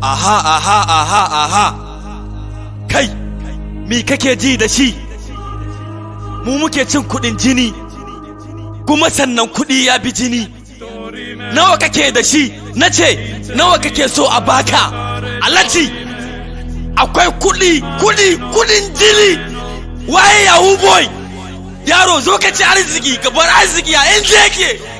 aha aha aha aha kai me kake ji da shi mu muke cin kuɗin jini kuma sannan kuɗi ya bi jini nawa kake da shi na ce nawa kake so a baka alaji akwai kuɗi, kuɗi, kuɗin jini waye yahoo boy yaro zo ka ci arziki Gabar arziki a inda yake